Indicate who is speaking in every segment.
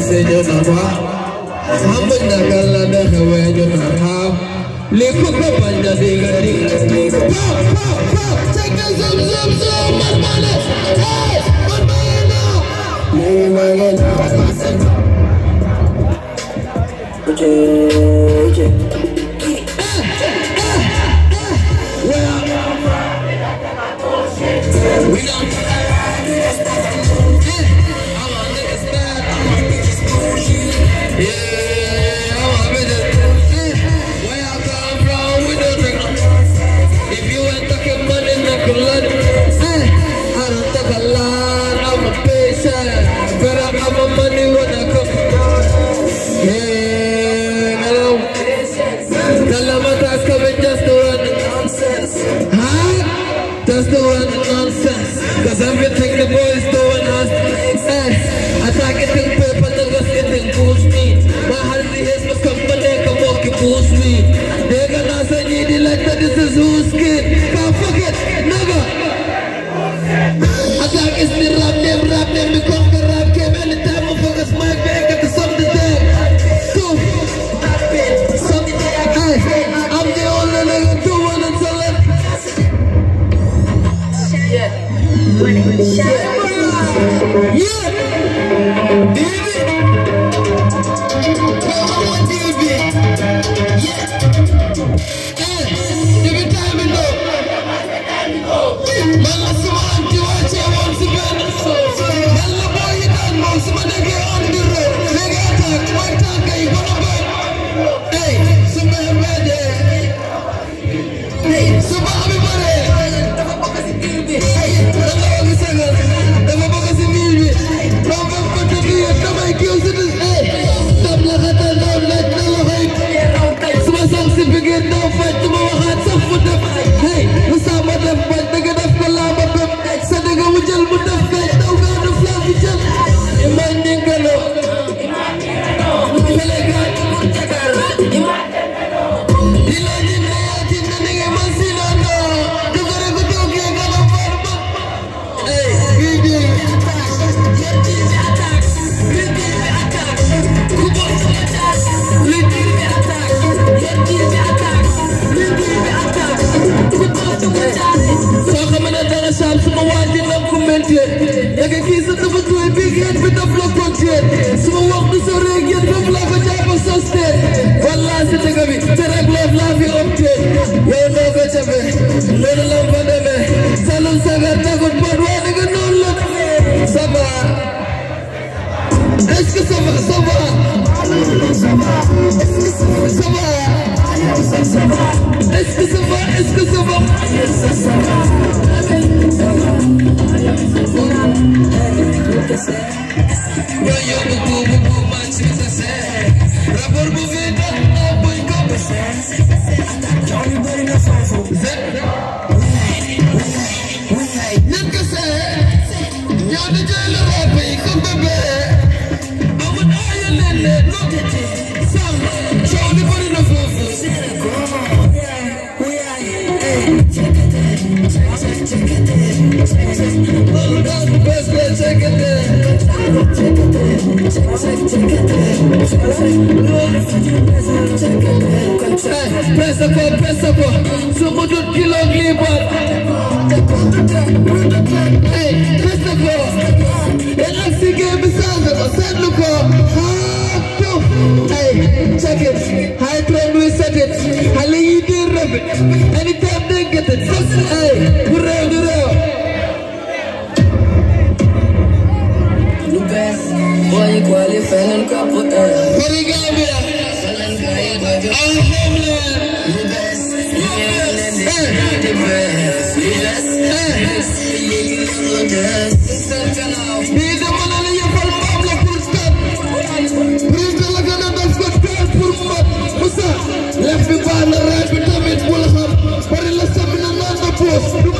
Speaker 1: Yeah, yeah, yeah. you I'm gonna Awun ayun lele nukiti Principle, it, sumudut check it.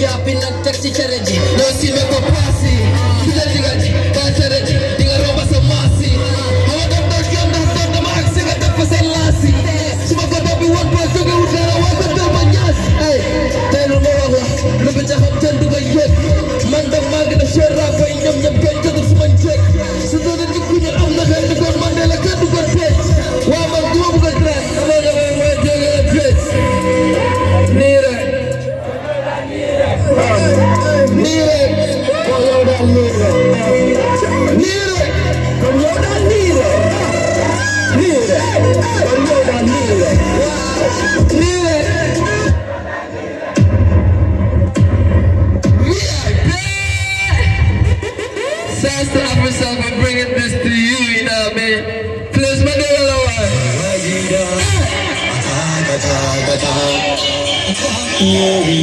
Speaker 1: yapi na tacti no, na usime kwa pasi kila jigaji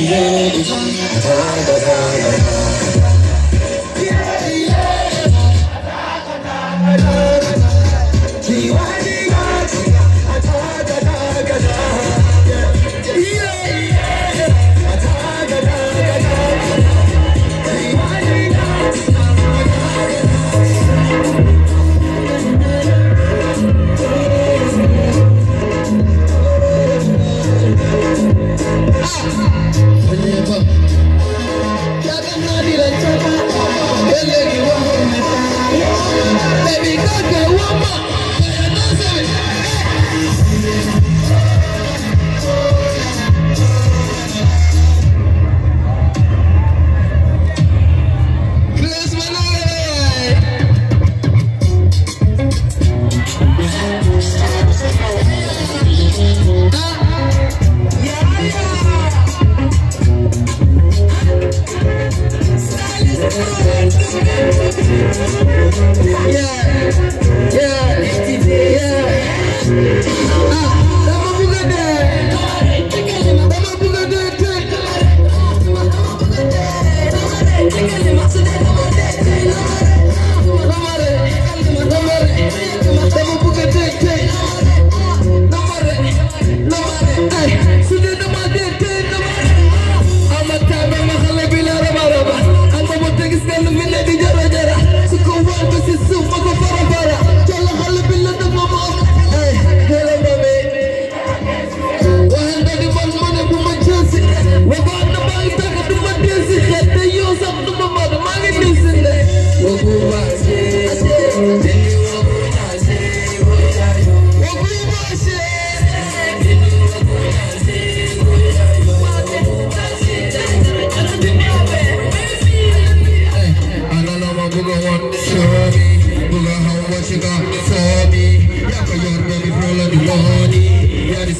Speaker 1: da da da da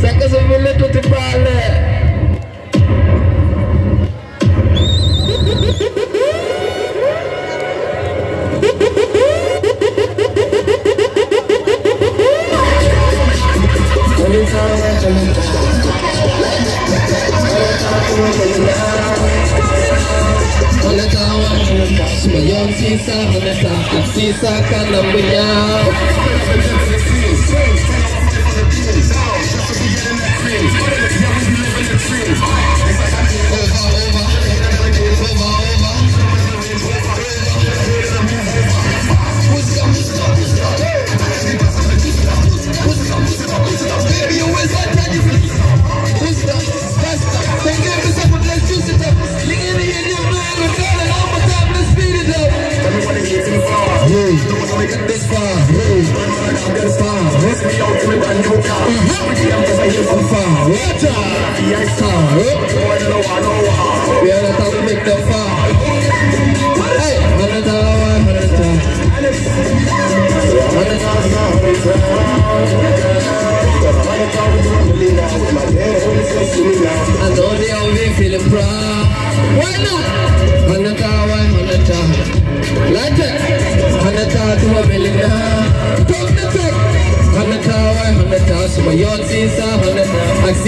Speaker 1: Seconds of a little to balance.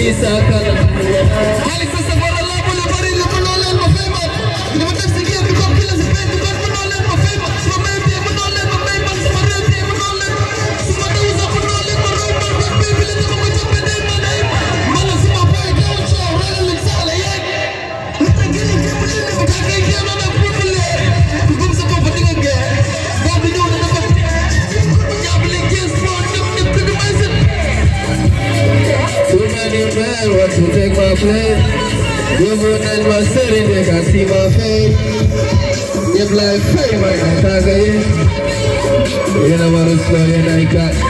Speaker 1: sisakan I want to take my place Government and my city, they can see my face If like fame, I can tag you You know what I'm saying, I got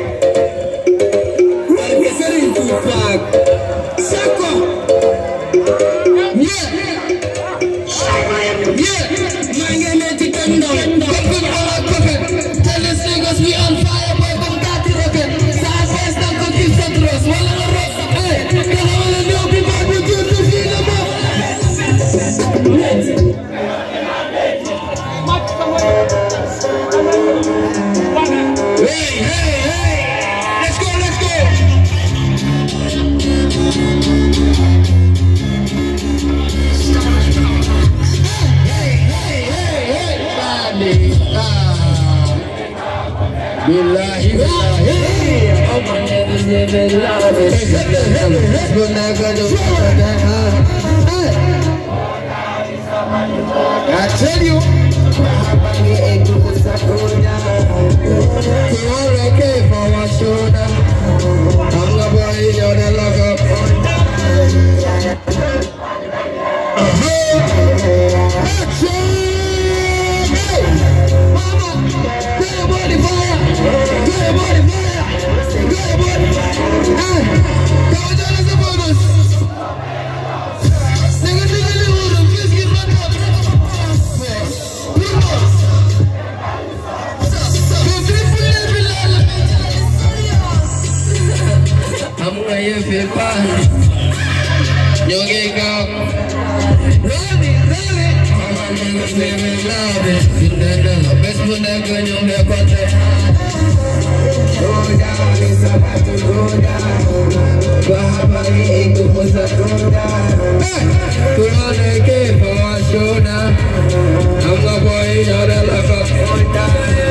Speaker 1: I tell you. Hamuna ye pepa Yoge ka Love it, love it Mama mama baby love it Sindana Best muna ganyo me pata Go down, it's about to go down Bahabari iku musa go down Kurone ke pawa shona Anga boy yara laka on down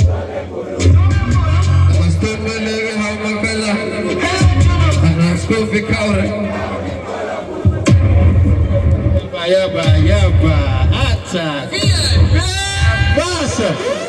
Speaker 1: vikaure yaba yaba hata basa